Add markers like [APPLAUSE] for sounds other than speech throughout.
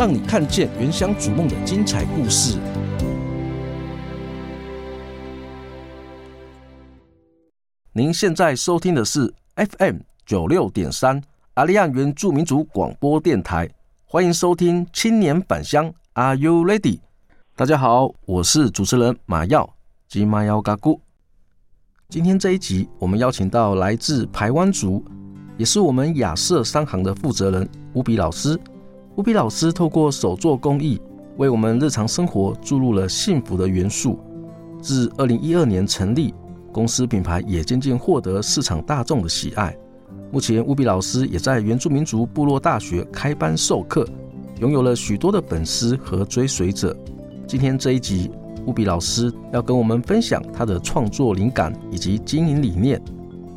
讓你看見原鄉逐夢的精彩故事。您現在收聽的是 FM 九六點三阿利安原住民族廣播電台，歡迎收聽青年返鄉，Are you ready？大家好，我是主持人馬耀，吉馬耀嘎古，今天這一集，我們邀請到來自排灣族，也是我們雅舍商行的負責人 Wuby 老師。烏比老師透過手作工藝，為我們日常生活注入了幸福的元素。自二零一二年成立，公司品牌也漸漸獲得市場大眾的喜愛。目前，烏比老師也在原住民族部落大學開班授課，擁有了許多的粉絲和追隨者。今天這一集，烏比老師要跟我們分享他的創作靈感以及經營理念。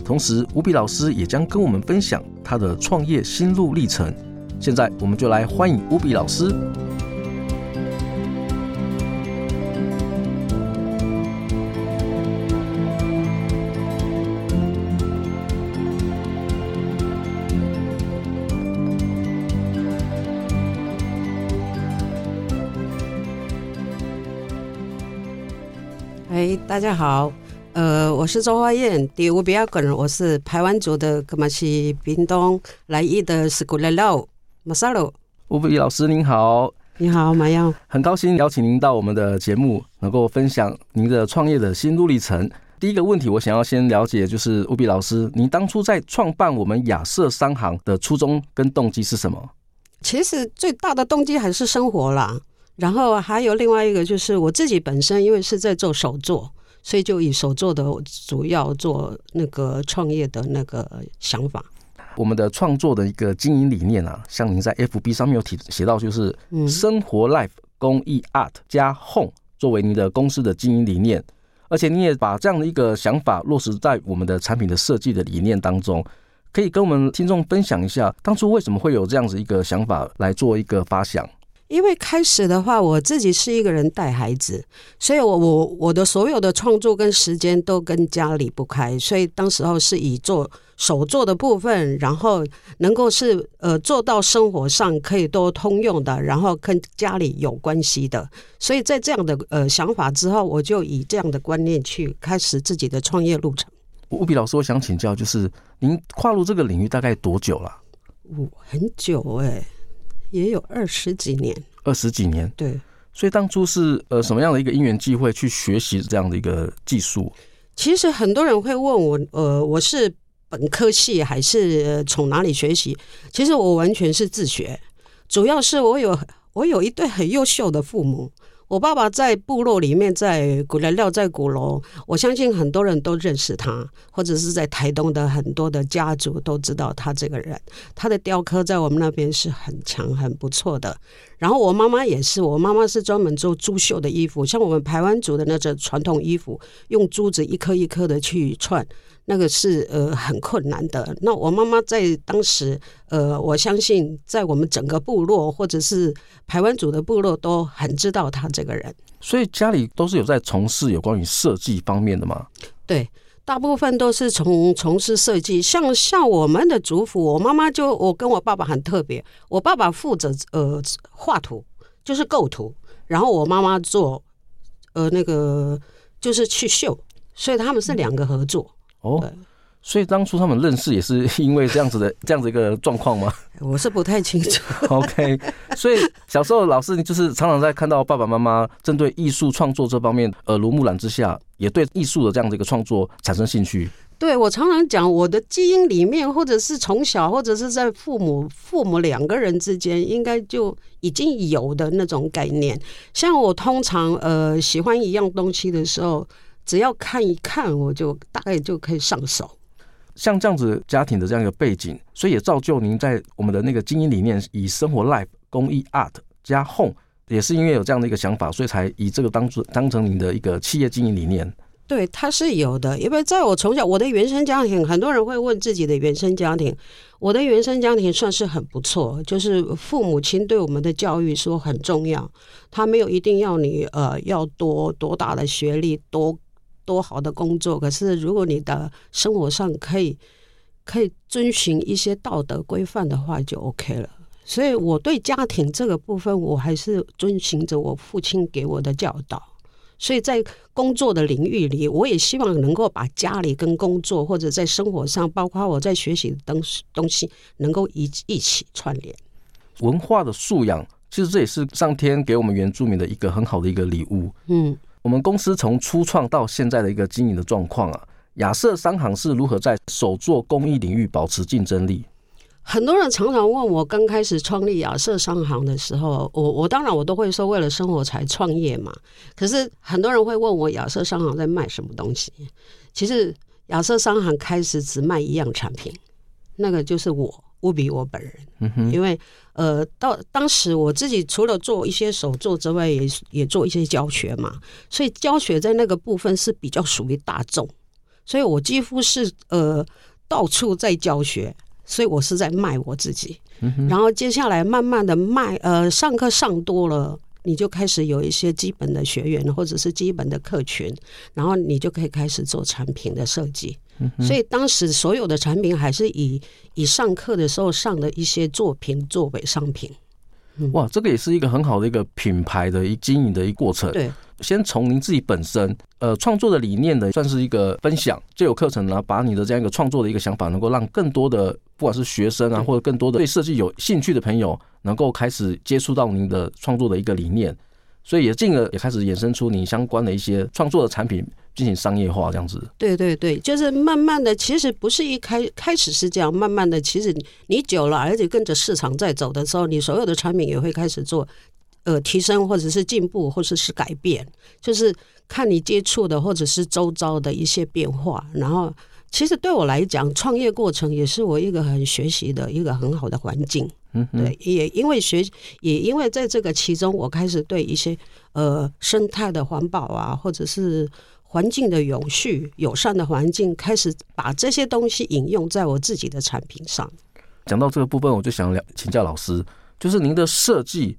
同時，烏比老師也將跟我們分享他的創業心路歷程。現在我們就來歡迎烏比老師。hey 大家好，呃，我是周花燕。第五比爾根，我是台灣族的，噶嘛是屏東來義的斯古勒老馬薩羅，烏比老師您好，你好馬耀，很高興邀請您到我們的節目，能夠分享您的創業的心路歷程。第一個問題，我想要先了解，就是烏比老師，你當初在創辦我們雅舍商行的初衷跟動機是什麼？其實最大的動機還是生活啦，然後還有另外一個，就是我自己本身因為是在做手作，所以就以手作的主要做那個創業的那個想法。我們的創作的一個經營理念啊，像您在 FB 上面有提寫到，就是生活 Life、工藝 Art 加 Home 作為您的公司的經營理念，而且你也把這樣的一個想法落實在我們的產品的設計的理念當中，可以跟我們聽眾分享一下，當初為什麼會有這樣子一個想法來做一個發想？因為開始的話，我自己是一個人帶孩子，所以我我我的所有的創作跟時間都跟家離不開，所以當時候是以做。手做的部分，然後能夠是呃做到生活上可以多通用的，然後跟家裡有關係的。所以在這樣的呃想法之後，我就以這樣的觀念去開始自己的創業路程。烏比老師，我想請教，就是您跨入這個領域大概多久了？我、哦、很久哎、欸，也有二十幾年。二十幾年？對。所以當初是呃什麼樣的一個因緣機會去學習這樣的一個技術？其實很多人會問我，呃，我是。本科系還是從哪裡學習？其實我完全是自學，主要是我有我有一對很優秀的父母。我爸爸在部落裡面，在古人料在鼓樓，我相信很多人都認識他，或者是在台東的很多的家族都知道他這個人。他的雕刻在我們那邊是很強、很不錯的。然後我媽媽也是，我媽媽是專門做珠繡的衣服，像我們排灣族的那種傳統衣服，用珠子一顆一顆的去串。那個是呃很困難的。那我媽媽在當時，呃，我相信在我們整個部落或者是排灣族的部落都很知道他這個人。所以家裡都是有在從事有關於設計方面的嗎？對，大部分都是從從事設計，像像我們的族服，我媽媽就，我跟我爸爸很特別，我爸爸負責呃畫圖，就是構圖，然後我媽媽做呃那個就是去繡，所以他們是兩個合作。嗯哦，oh，所以當初他們認識也是因為這樣子的這樣子一個狀況嗎？我是不太清楚 [LAUGHS] 。OK，所以小時候老師，你就是常常在看到爸爸媽媽針對藝術創作這方面耳濡目染之下，也對藝術的這樣的一個創作產生興趣。對，我常常講我的基因裡面，或者是從小，或者是在父母父母兩個人之間，應該就已經有的那種概念。像我通常呃喜歡一樣東西的時候。只要看一看，我就大概就可以上手。像這樣子家庭的這樣一個背景，所以也造就您在我們的那個經營理念，以生活、life 工藝、art 加 home，也是因為有這樣的一個想法，所以才以這個當做當成您的一個企業經營理念。對，他是有的，因為在我從小我的原生家庭，很多人會問自己的原生家庭，我的原生家庭算是很不錯，就是父母親對我們的教育說很重要，他沒有一定要你呃要多多大的學歷多多好的工作，可是如果你的生活上可以可以遵循一些道德規範的話，就 OK 了。所以，我對家庭這個部分，我還是遵循着我父親給我的教導。所以在工作的領域裡，我也希望能夠把家裡跟工作或者在生活上，包括我在學習的東東西，能夠一一起串聯。文化的素養，其實這也是上天給我們原住民的一個很好的一個禮物。嗯。我們公司從初創到現在的一個經營的狀況啊，雅舍商行是如何在手作工藝領域保持競爭力？很多人常常問我，剛開始創立雅舍商行的時候，我我當然我都會說為了生活才創業嘛。可是很多人會問我，雅舍商行在賣什麼東西？其實雅舍商行開始只賣一樣產品，那個就是我。Wuby 我本人，因為呃，到當時我自己除了做一些手作之外也、也也做一些教學嘛，所以教學在那個部分是比較屬於大眾，所以我幾乎是呃到處在教學，所以我是在賣我自己。然後接下來慢慢的賣，呃，上課上多了，你就開始有一些基本的學員或者是基本的客群，然後你就可以開始做產品的設計。嗯、所以當時所有的產品還是以以上課的時候上的一些作品作為商品，嗯。哇，這個也是一個很好的一個品牌的一經營的一個過程。對，先從您自己本身呃創作的理念的算是一個分享，就有課程呢，把你的這樣一個創作的一個想法，能夠讓更多的不管是學生啊，或者更多的對設計有興趣的朋友，能夠開始接觸到您的創作的一個理念，所以也進而也開始衍生出您相關的一些創作的產品。進行商業化這樣子，對對對，就是慢慢的，其實不是一開開始是這樣，慢慢的，其實你久了，而且跟着市場在走的時候，你所有的產品也會開始做，呃，提升或者是進步或者是改變，就是看你接觸的或者是周遭的一些變化。然後，其實對我來講，創業過程也是我一個很學習的一個很好的環境。嗯，對，也因為學，也因為在這個其中，我開始對一些呃生態的環保啊，或者是環境的永續、友善的環境，開始把這些東西引用在我自己的產品上。講到這個部分，我就想請請教老師，就是您的設計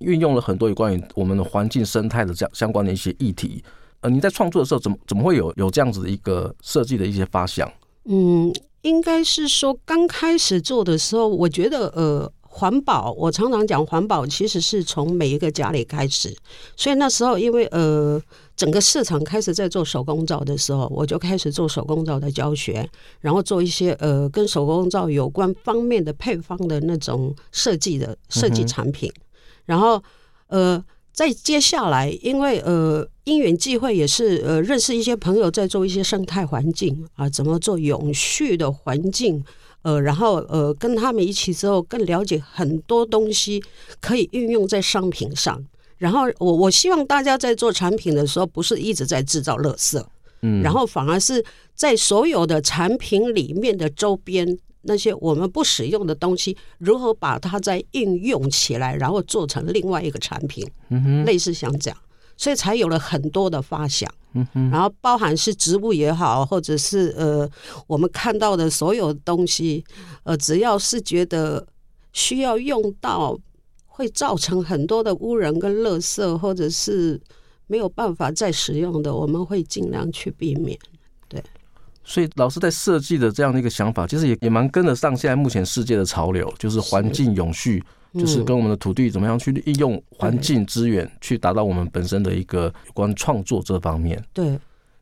運用了很多有關於我們的環境生態的這樣相關的一些議題。呃，您在創作的時候，怎麼怎麼會有有這樣子的一個設計的一些發想？嗯，應該是說剛開始做的時候，我覺得呃。環保，我常常講環保，其實是從每一個家裡開始。所以那時候，因為呃，整個市場開始在做手工皂的時候，我就開始做手工皂的教學，然後做一些呃跟手工皂有關方面的配方的那種設計的設計產品。嗯、然後呃，在接下來，因為呃因緣際會，也是呃認識一些朋友，在做一些生態環境啊，怎麼做永續的環境。呃，然後呃，跟他們一起之後，更了解很多東西可以運用在商品上。然後我我希望大家在做產品的時候，不是一直在製造垃圾，嗯，然後反而是在所有的產品裡面的周邊那些我們不使用的東西，如何把它再運用起來，然後做成另外一個產品，嗯哼，類似像這樣。所以才有了很多的發想，嗯哼，然後包含是植物也好，或者是呃我們看到的所有東西，呃，只要是覺得需要用到，會造成很多的污染跟垃圾，或者是沒有辦法再使用的，我們會盡量去避免，對。所以老師在設計的這樣的一個想法，其實也也蠻跟得上現在目前世界的潮流，就是環境永續。就是跟我們的土地怎麼樣去利用環境資源，去達到我們本身的一個有關創作這方面。對，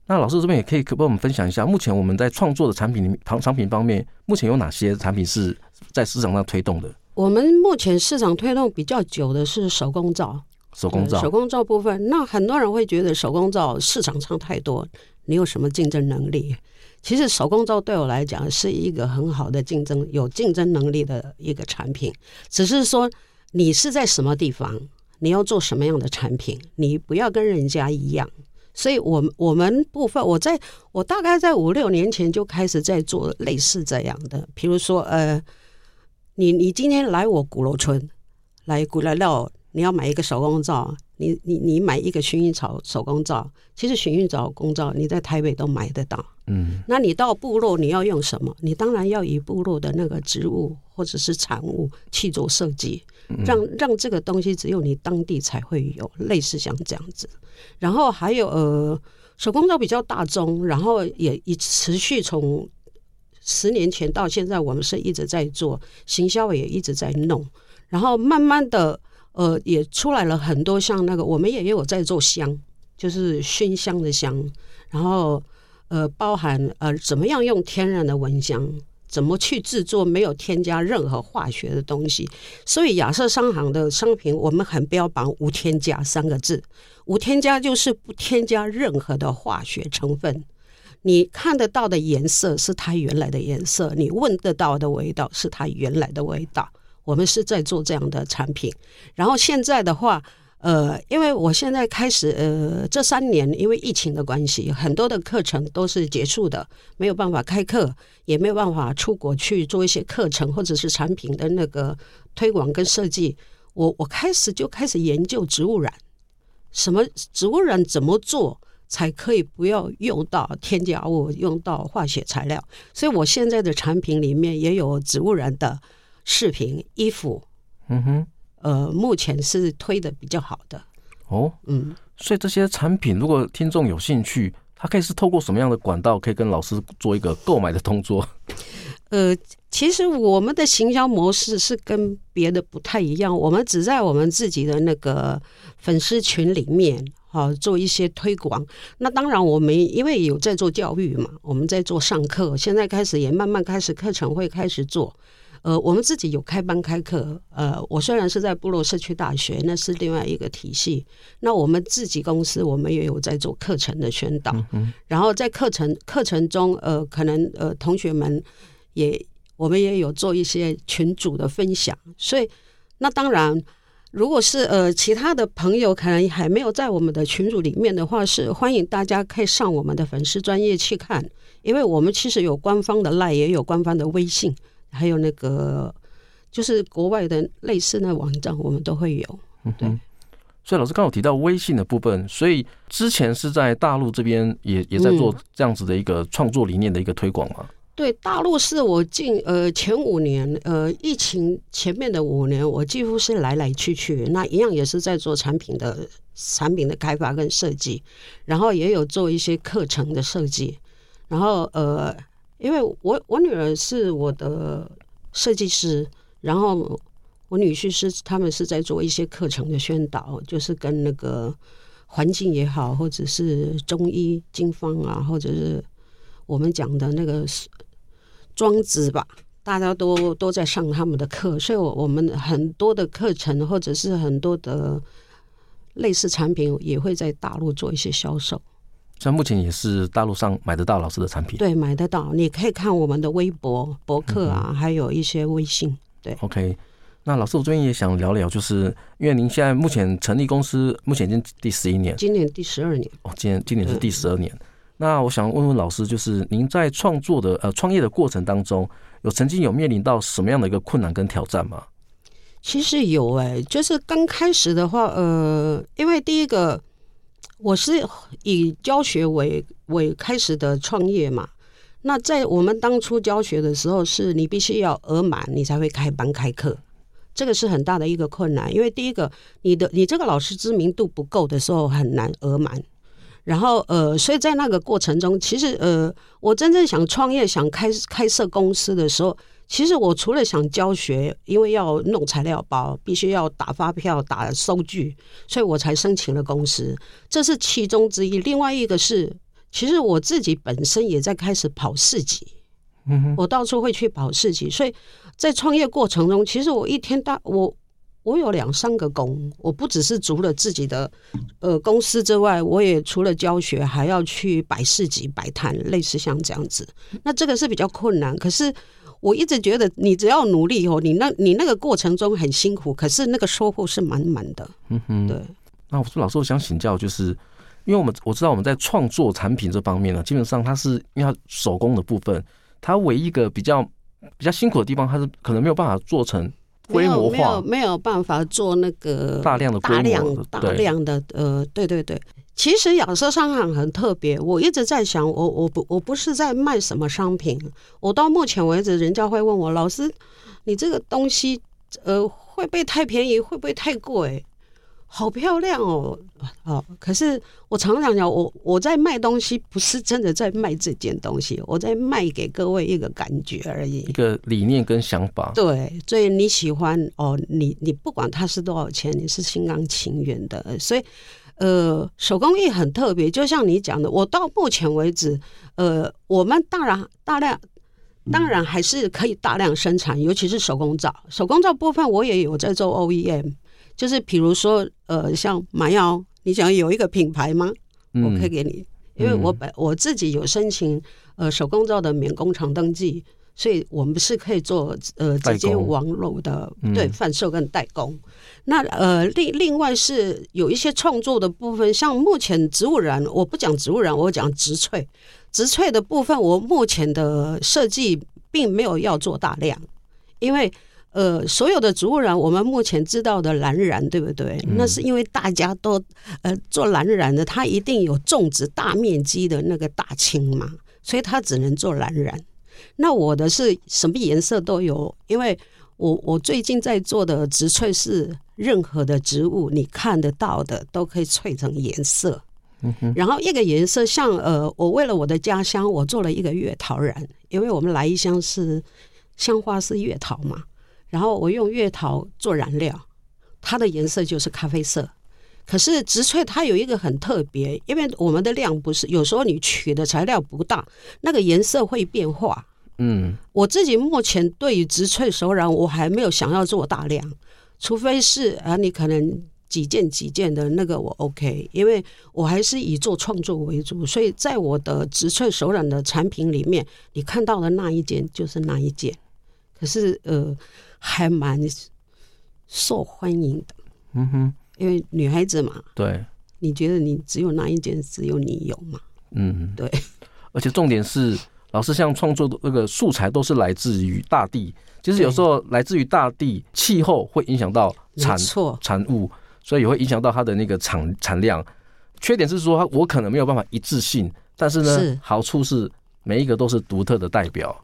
那老師這邊也可以幫我們分享一下，目前我們在創作的產品裡面，產品方面，目前有哪些產品是在市場上推動的？我們目前市場推動比較久的是手工皂，手工皂、呃、手工皂部分。那很多人會覺得手工皂市場上太多，你有什麼競爭能力？其實手工皂對我來講是一個很好的競爭、有競爭能力的一個產品，只是說你是在什麼地方，你要做什麼樣的產品，你不要跟人家一樣。所以我，我我們部分，我在我大概在五六年前就開始在做類似這樣的，比如說，呃，你你今天來我鼓樓村，來鼓樓料。你要買一個手工皂，你你你買一個薰衣草手工皂，其實薰衣草的工皂你在台北都買得到。嗯，那你到部落你要用什麼？你當然要以部落的那個植物或者是產物去做設計，讓讓這個東西只有你當地才會有，類似像這樣子。然後還有呃，手工皂比較大中，然後也也持續從十年前到現在，我們是一直在做行銷，也一直在弄，然後慢慢的。呃，也出來了很多像那個，我們也有在做香，就是熏香的香。然後，呃，包含呃，怎麼樣用天然的蚊香，怎麼去制作沒有添加任何化學的東西。所以，雅舍商行的商品我們很標榜“無添加”三個字。無添加就是不添加任何的化學成分。你看得到的顏色是它原來的顏色，你聞得到的味道是它原來的味道。我們是在做這樣的產品，然後現在的話，呃，因為我現在開始，呃，這三年因為疫情的關係，很多的課程都是結束的，沒有辦法開課，也沒有辦法出國去做一些課程或者是產品的那個推廣跟設計。我我開始就開始研究植物染，什麼植物染怎麼做才可以不要用到添加物，用到化學材料，所以我現在的產品裡面也有植物染的，視頻、衣服，嗯哼，呃，目前是推得比較好的哦，嗯，所以這些產品，如果聽眾有興趣，他可以是透過什麼樣的管道，可以跟老師做一個購買的動作？呃，其實我們的行銷模式是跟別的不太一樣，我們只在我們自己的那個粉絲群裡面哈、啊、做一些推廣。那當然，我們因為有在做教育嘛，我們在做上課，現在開始也慢慢開始課程會開始做。呃，我們自己有開班開課，呃，我雖然是在部落社區大學，那是另外一個體系。那我們自己公司，我們也有在做課程的宣導。嗯，然後在課程課程中，呃，可能呃，同學們也我們也有做一些群組的分享。所以，那當然，如果是呃其他的朋友，可能還沒有在我們的群組裡面的話，是歡迎大家可以上我們的粉絲專頁去看，因為我們其實有官方的 LINE，也有官方的微信。還有那個，就是國外的類似的網站，我們都會有，對。嗯哼，所以老師剛剛有提到微信的部分，所以之前是在大陸這邊也也在做這樣子的一個創作理念的一個推廣嗎？嗯，對，大陸是我近呃前五年呃疫情前面的五年，我幾乎是來來去去，那一樣也是在做產品的產品的開發跟設計，然後也有做一些課程的設計，然後呃。因為我我女兒是我的設計師，然後我女婿是他們，是在做一些課程的宣導，就是跟那個環境也好，或者是中醫、經方啊，或者是我們講的那個是莊子吧，大家都都在上他們的課，所以我們很多的課程或者是很多的類似產品也會在大陸做一些銷售。像目前也是大陸上買得到老師的產品，對，買得到。你可以看我們的微博、博客啊，嗯、還有一些微信，對。OK，那老師，我最近也想聊聊，就是因為您現在目前成立公司，目前已經第十一年，今年第十二年。哦，今年今年是第十二年、嗯。那我想問問老師，就是您在創作的呃創業的過程當中，有曾經有面臨到什麼樣的一個困難跟挑戰嗎？其實有哎、欸，就是剛開始的話，呃，因為第一個。我是以教學為為開始的創業嘛，那在我們當初教學的時候，是你必須要額滿，你才會開班開課，這個是很大的一個困難。因為第一個，你的你這個老師知名度不夠的時候，很難額滿。然後呃，所以在那個過程中，其實呃，我真正想創業、想開開設公司的時候。其實我除了想教學，因為要弄材料包，必須要打發票、打收據，所以我才申請了公司，這是其中之一。另外一個是，其實我自己本身也在開始跑市集，嗯，我到處會去跑市集，所以在創業過程中，其實我一天到我我有兩三個工，我不只是除了自己的呃公司之外，我也除了教學，還要去擺市集擺攤，類似像這樣子。那這個是比較困難，可是。我一直覺得，你只要努力哦，你那，你那個過程中很辛苦，可是那個收穫是滿滿的。嗯哼，對。那我說老師，我想請教，就是因為我們我知道我們在創作產品這方面呢，啊，基本上它是要手工的部分，它唯一一個比較比較辛苦的地方，它是可能沒有辦法做成。規模化，沒有沒有沒有辦法做那個大量的大量的大量、大量的呃，對對對，其實雅舍商行很特別。我一直在想，我我不我不是在賣什麼商品。我到目前為止，人家會問我老師，你這個東西呃會不會太便宜，會不會太貴？好漂亮哦，好、哦！可是我常常講，我我在賣東西，不是真的在賣這件東西，我在賣給各位一個感覺而已，一個理念跟想法。對，所以你喜歡哦，你你不管它是多少錢，你是心甘情願的。所以，呃，手工藝很特別，就像你講的，我到目前為止，呃，我們當然大量，當然還是可以大量生產，嗯，尤其是手工皂，手工皂部分我也有在做 OEM。就是比如說，呃，像 Mayaw，你想有一個品牌嗎？嗯、我可以給你，因為我本我自己有申請，呃，手工皂的免工廠登記，所以我們是可以做呃直接網絡的對販售跟代工。嗯、那呃，另另外是有一些創作的部分，像目前植物染，我不講植物染，我講植萃，植萃的部分，我目前的設計並沒有要做大量，因為。呃，所有的植物染，我們目前知道的藍染，對不對？那是因為大家都呃做藍染的，它一定有種植大面積的那個大青嘛，所以它只能做藍染。那我的是什麼顏色都有，因為我我最近在做的植萃是任何的植物你看得到的都可以萃成顏色。嗯哼。然後一個顏色像呃，我為了我的家鄉，我做了一個月桃染，因為我們來義鄉是鄉花是月桃嘛。然後我用月桃做染料，它的顏色就是咖啡色。可是植萃它有一個很特別，因為我們的量不是，有時候你取的材料不大，那個顏色會變化。嗯，我自己目前對於植萃手染，我還沒有想要做大量，除非是啊，你可能幾件幾件的那個我 OK，因為我還是以做創作為主，所以在我的植萃手染的產品裡面，你看到的那一件就是那一件。可是呃。還蠻受歡迎的，嗯哼，因為女孩子嘛，對，你覺得你只有哪一件，只有你有嗎？嗯，對。而且重點是，老師像創作的那個素材都是來自於大地，就是有時候來自於大地，氣候會影響到產錯產物，所以也會影響到它的那個產產量。缺點是說，它我可能沒有辦法一致性，但是呢，是好處是每一個都是獨特的代表，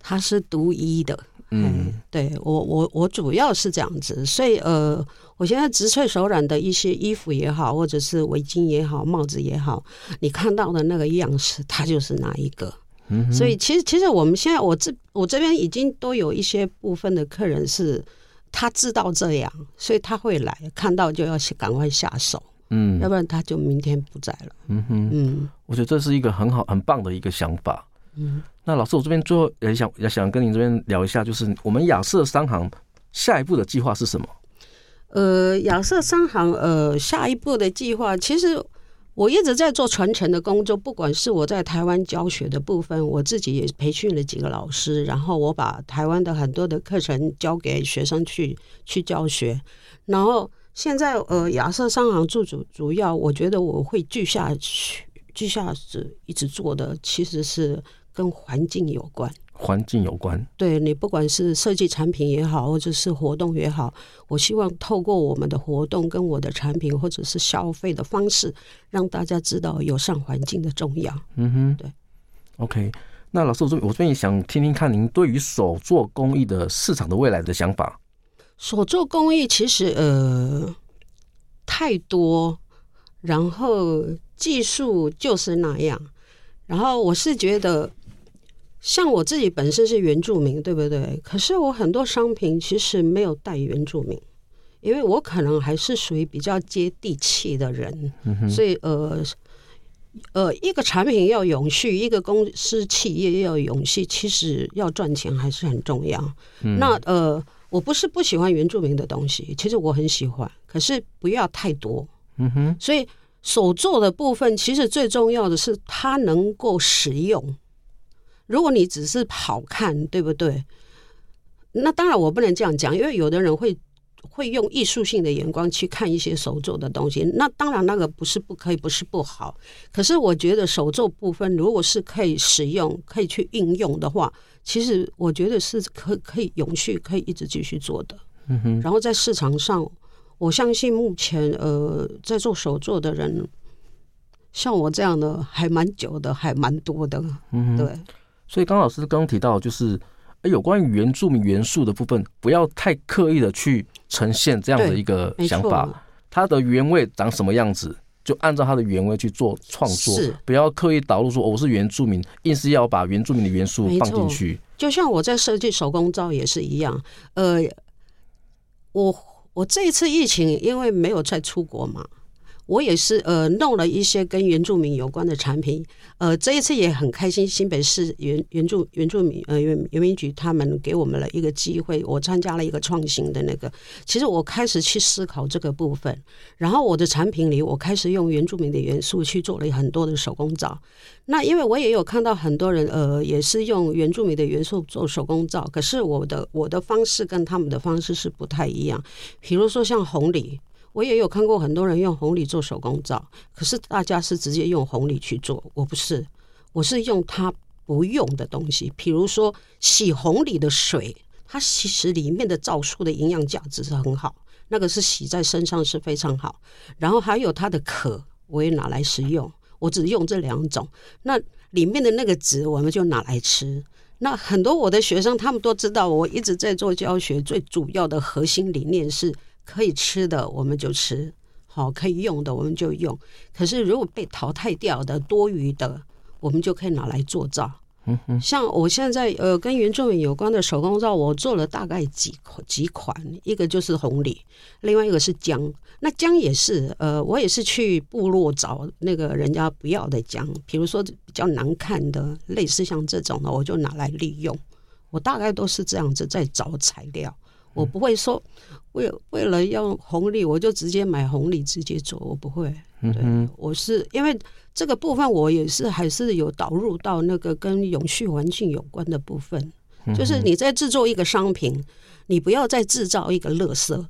它是獨一的。嗯，欸、對我我我主要是這樣子，所以呃，我現在植萃手染的一些衣服也好，或者是圍巾也好，帽子也好，你看到的那個樣式，它就是那一個。嗯，所以其實其實我們現在我這我這邊已經都有一些部分的客人是他知道這樣，所以他會來看到就要去趕快下手，嗯，要不然他就明天不在了。嗯哼，嗯，我覺得這是一個很好很棒的一個想法。嗯，那老師，我這邊最後也想也想跟您這邊聊一下，就是我們雅舍商行下一步的計劃是什麼？呃，雅舍商行呃，下一步的計劃，其實我一直在做傳承的工作，不管是我在台灣教學的部分，我自己也培訓了幾個老師，然後我把台灣的很多的課程交給學生去去教學。然後現在呃，雅舍商行主主主要，我覺得我會聚下去聚下子，一直做的，其實是。跟環境有關，環境有關。對，你不管是設計產品也好，或者是活動也好，我希望透過我們的活動跟我的產品，或者是消費的方式，讓大家知道友善環境的重要。嗯哼，對。OK，那老師，我這邊我這邊也想聽聽看您對於手作工藝的市場的未來的想法。手作工藝其實呃太多，然後技術就是那樣，然後我是覺得。像我自己本身是原住民，對不對？可是我很多商品其實沒有帶原住民，因為我可能還是屬於比較接地氣的人，嗯、所以呃呃，一個產品要永續，一個公司企業要永續，其實要賺錢還是很重要。嗯、那呃，我不是不喜歡原住民的東西，其實我很喜歡，可是不要太多。嗯、所以所做的部分，其實最重要的是它能夠使用。如果你只是好看，對不對？那當然我不能這樣講，因為有的人會會用藝術性的眼光去看一些手作的東西。那當然那個不是不可以，不是不好。可是我覺得手作部分，如果是可以使用，可以去應用的話，其實我覺得是可可以永續，可以一直繼續做的。嗯哼。然後在市場上，我相信目前呃在做手作的人，像我這樣的還蠻久的，還蠻多的。嗯，對。所以，剛老師剛提到，就是、欸、有關於原住民元素的部分，不要太刻意的去呈現這樣的一個想法。它的原味長什麼樣子，就按照它的原味去做創作，不要刻意導入說、哦、我是原住民，硬是要把原住民的元素放進去。就像我在設計手工皂也是一樣，呃，我我這一次疫情，因為沒有再出國嘛。我也是，呃，弄了一些跟原住民有關的產品，呃，這一次也很開心，新北市原原住原住民呃原原民局他們給我們了一個機會，我參加了一個創新的那個，其實我開始去思考這個部分，然後我的產品裡我開始用原住民的元素去做了很多的手工皂，那因為我也有看到很多人，呃，也是用原住民的元素做手工皂，可是我的我的方式跟他們的方式是不太一樣，比如說像紅藜。我也有看過很多人用紅藜做手工皂，可是大家是直接用紅藜去做，我不是，我是用它不用的東西，比如說洗紅藜的水，它其實裡面的皂素的營養價值是很好，那個是洗在身上是非常好，然後還有它的殼，我也拿來食用，我只用這兩種，那裡面的那個籽，我們就拿來吃。那很多我的學生他們都知道，我一直在做教學，最主要的核心理念是。可以吃的我們就吃，好，可以用的我們就用。可是如果被淘汰掉的多餘的，我們就可以拿來做皂。嗯哼。像我現在呃跟原住民有關的手工皂，我做了大概幾幾款，一個就是紅藜，另外一個是薑。那薑也是，呃，我也是去部落找那個人家不要的薑，比如說比較難看的，類似像這種的，我就拿來利用。我大概都是這樣子在找材料。我不會說，為為了要紅利，我就直接買紅利直接做，我不會。嗯，我是因為這個部分，我也是還是有導入到那個跟永續環境有關的部分，就是你在制作一個商品，你不要再制造一個垃圾，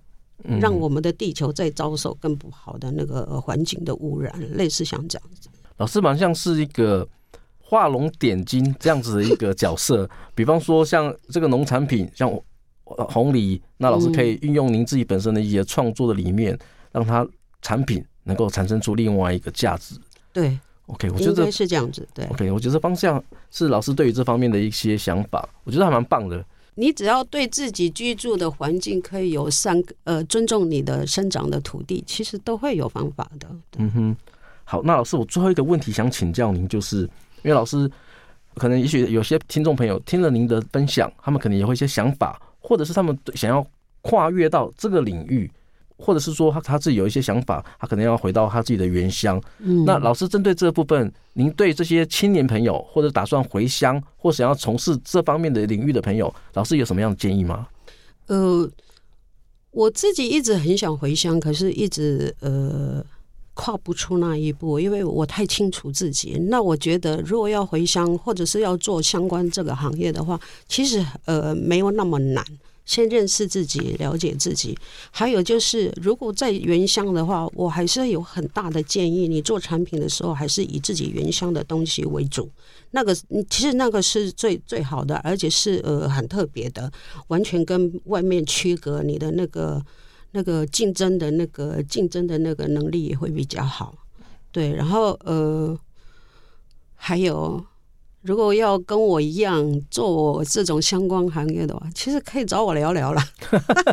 讓我們的地球再遭受更不好的那個環境的污染，類似像這樣子。老師蠻像是一個畫龍點睛這樣子的一個角色， [LAUGHS] 比方說像這個農產品，像我。紅利，那老師可以運用您自己本身的一些創作的理念、嗯，讓它產品能夠產生出另外一個價值。對，OK，我覺得應該是這樣子。對，OK，我覺得方向是老師對於這方面的一些想法，我覺得還蠻棒的。你只要對自己居住的環境可以有三個呃尊重，你的生長的土地，其實都會有方法的。嗯哼，好，那老師，我最後一個問題想請教您，就是因為老師可能也許有些聽眾朋友聽了您的分享，他們可能也會一些想法。或者是他們想要跨越到這個領域，或者是說他他自己有一些想法，他可能要回到他自己的原鄉，嗯。那老師針對這部分，您對這些青年朋友或者打算回鄉或是想要從事這方面的領域的朋友，老師有什麼樣的建議嗎？呃，我自己一直很想回鄉，可是一直呃。跨不出那一步，因為我太清楚自己。那我覺得，如果要回鄉或者是要做相關這個行業的話，其實呃沒有那麼難。先認識自己，了解自己。還有就是，如果在原鄉的話，我還是有很大的建議。你做產品的時候，還是以自己原鄉的東西為主。那個其實那個是最最好的，而且是呃很特別的，完全跟外面區隔你的那個。那個競爭的、那個競爭的、那個能力，也會比較好，對。然後呃，還有，如果要跟我一樣做這種相關行業的話，其實可以找我聊聊啦。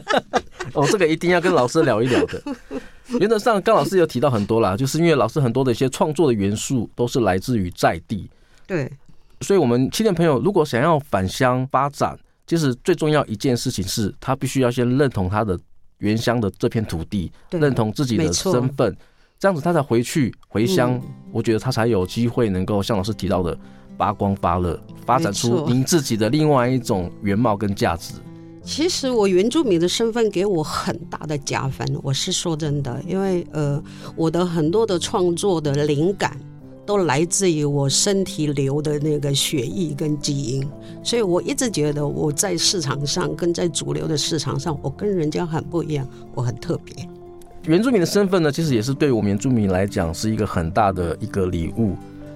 [LAUGHS] 哦，這個一定要跟老師聊一聊的。 [LAUGHS] 原則上，剛老師有提到很多啦，就是因為老師很多的一些創作的元素都是來自於在地。對。所以，我們青年朋友如果想要返鄉發展，其實最重要一件事情是他必須要先認同他的。原鄉的這片土地，認同自己的身份，這樣子他才回去回鄉，嗯。我覺得他才有機會能夠像老師提到的，發光發熱，發展出您自己的另外一種原貌跟價值。其實我原住民的身份給我很大的加分，我是說真的，因為呃，我的很多的創作的靈感。都來自於我身體流的那個血液跟基因，所以我一直覺得我在市場上跟在主流的市場上，我跟人家很不一樣，我很特別。原住民的身份呢，其實也是對我們原住民來講是一個很大的一個禮物。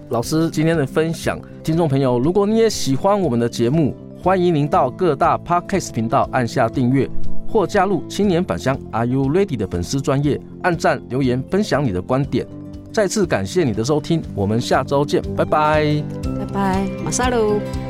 老師今天的分享，聽眾朋友，如果你也喜歡我們的節目，歡迎您到各大 Podcast 頻道按下訂閱，或加入青年返鄉 Are You Ready 的粉絲專頁，按讚留言分享你的觀點。再次感謝你的收聽，我們下週見，拜拜，拜拜，馬薩嘍。